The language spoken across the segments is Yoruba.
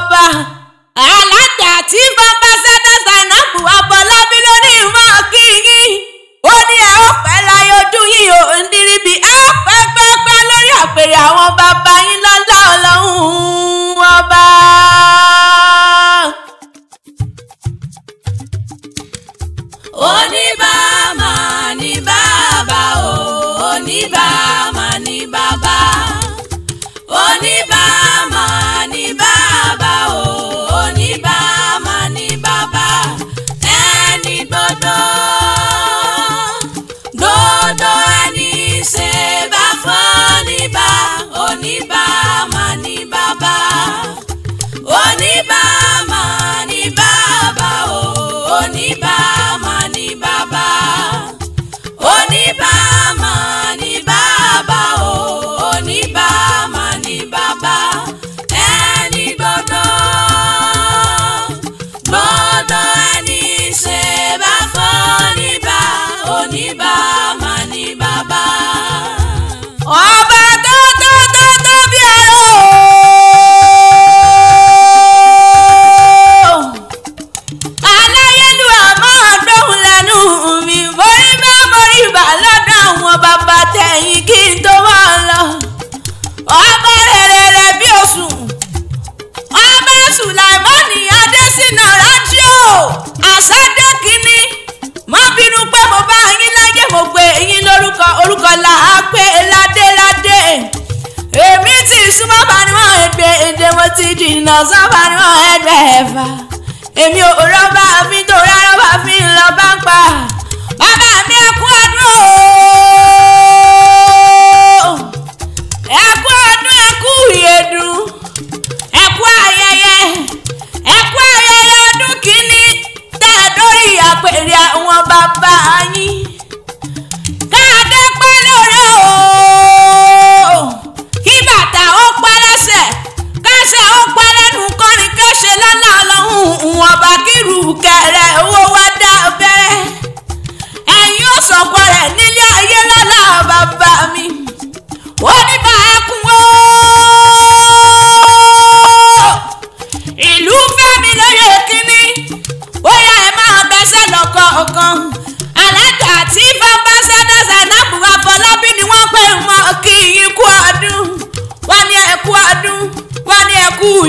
ọba aládà tí bàbá sẹ́dá Zainabu Afọlábí lórí ìmọ̀ kíyí ó ní ẹ ó pẹ́ láyé ojú yìí ò ń dirí bí ẹ ó pẹ́ lórí àpèrè àwọn bàbá yín lọ́lá ọlọ́run ọba. oníbàámà ní bàbá o oníbàámà ní bàbá oníbàámà ní. súnmọ́ bá ní wọ́n ẹgbẹ́ èdè mo ti dìnnà sọ́ba ní wọ́n ẹgbẹ́ ẹ̀fà èmi ò rọ́bà mi tó rá rọ́bà mi lọ bá ń pa bàbá mi ẹkú ọdún o ẹkú ọdún ẹkú ìyẹ̀dùn.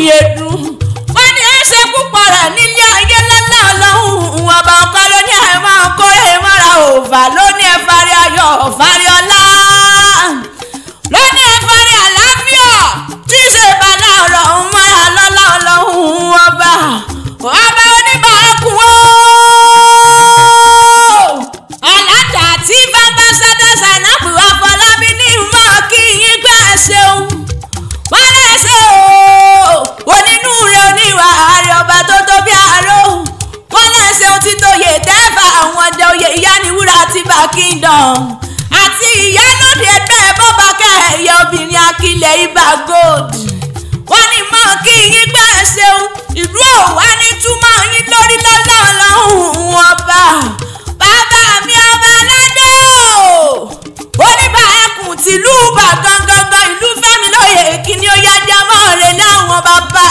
yẹ̀dùn wọ́n ní ẹsẹ̀ púpọ̀ rẹ̀ nílé ayé lọ́lá ọlọ́run ọba ọkọ ló ẹ̀ máa kó ẹ̀ máa òòfà ló ẹ̀ fari ayọ̀ fari ọlá. kingdom àti ìyálóde ẹgbẹ́ bọ́bákẹ́ ẹ̀yẹ obìnrin akilẹ̀ ibà gold wọ́n ní mọ́ kí yín gbà ṣeun ìlú òwá ní túmọ̀ yín lórí lọ́dọ̀ ọlọ́run ọba bàbá mi ọba aládé o oníbà ẹkùn tìlú ìbàdàn gangan ìlú fẹ́mi lóye kìíní ó yá di ọmọ rẹ̀ láwọn bàbá.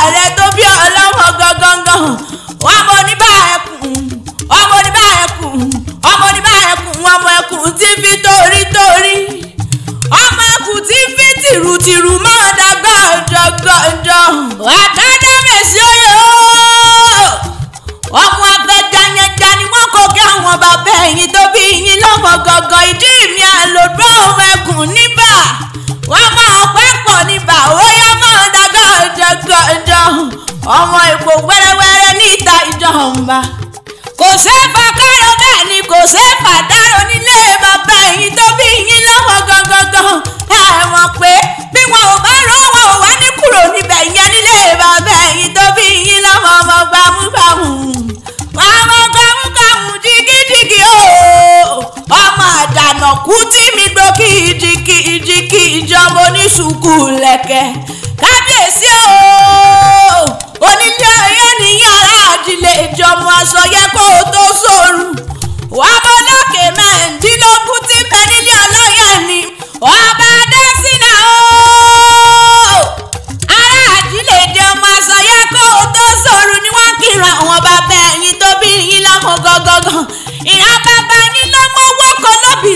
kẹ̀kẹ́ kábíyèsí o onílé ọyọ́ nìyẹn ará àdìlẹ̀ ìjọmọ aṣọ yẹ kó o tó sóoru wàá bọ́ lókè mẹ́ẹ̀ẹ́dínlógún tí bẹ nílé ni ọba adásínà o ará àdìlẹ̀ ìjọmọ aṣọ yẹ kó o tó sóoru ni wọ́n kíran àwọn bàbá ẹ̀yìn tó bí yín lọ́mọ gangan ìhà bàbá yín lọ́mọ owó kan lóbi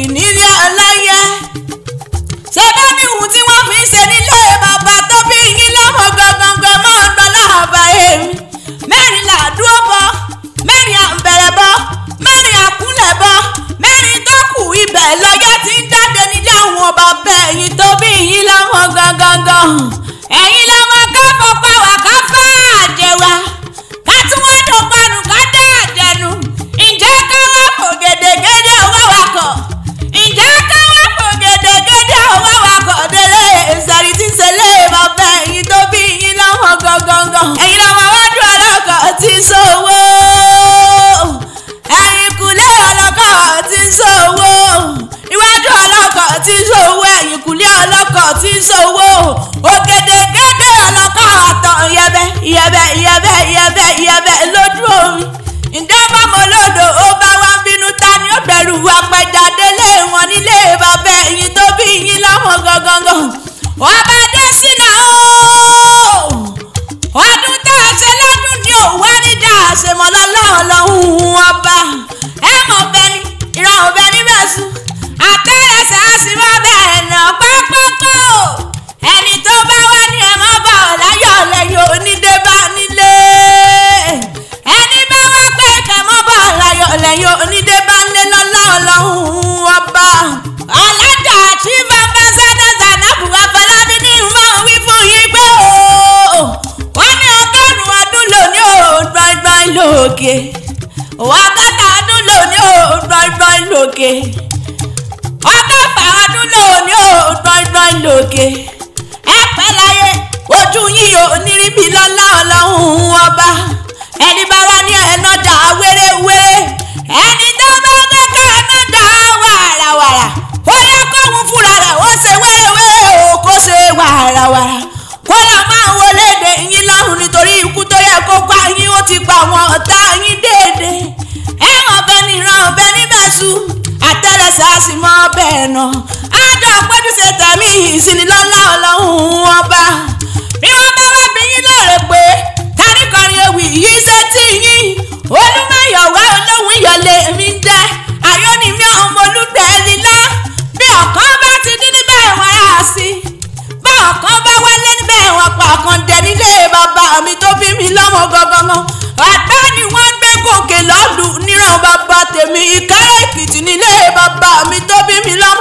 ìnírí aláyẹ ṣé bá ní ohun tí wọ́n fi ń ṣe nílé bàbá tó bí yín lọ́mọ gangan máa gbọ́ láàbà èmi mẹ́rin làdúró bọ́ mẹ́rin àǹbẹ̀rẹ̀ bọ́ mẹ́rin àkúnlẹ̀ bọ́ mẹ́rin tó kù ibẹ̀ lọ́yẹ́ ti ń jáde nílé àwọn bàbá ẹ̀yìn tó bí yín lọ́mọ gangan. wákàtà àdúlò ní òògbọ́ngbọ́n lòkè wákàtà àdúlò ní òògbọ́ngbọ́n lòkè ẹ pẹ́ láyé ojú yín ò ní rí mi lọ́lá ọlọ́run ọba ẹni bá wá ní ẹ̀ lọ́jà wéréwé ẹni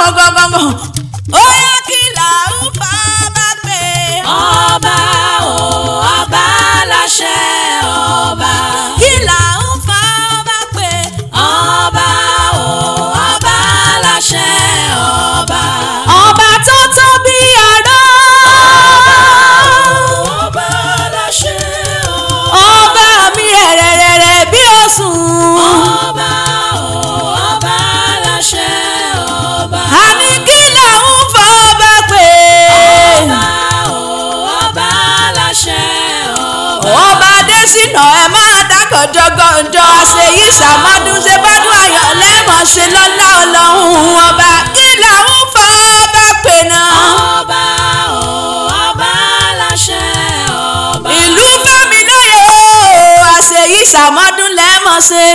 gangan gangan ó yá kí là ń ṣìnà ẹ máa dákọ̀ jọgọ̀njọ ṣèyí sàmọ́dún ṣe bọ́dún ayọ̀ lẹ́mọ̀ ṣe lọ́lá ọlọ́run ọba kí làwọn fọ́ ọba pè náà. ọba ò ọba láṣẹ ọba. ìlú fẹ́mi lóye o àṣèyí sàmọ́dún lẹ́mọ̀ ṣe.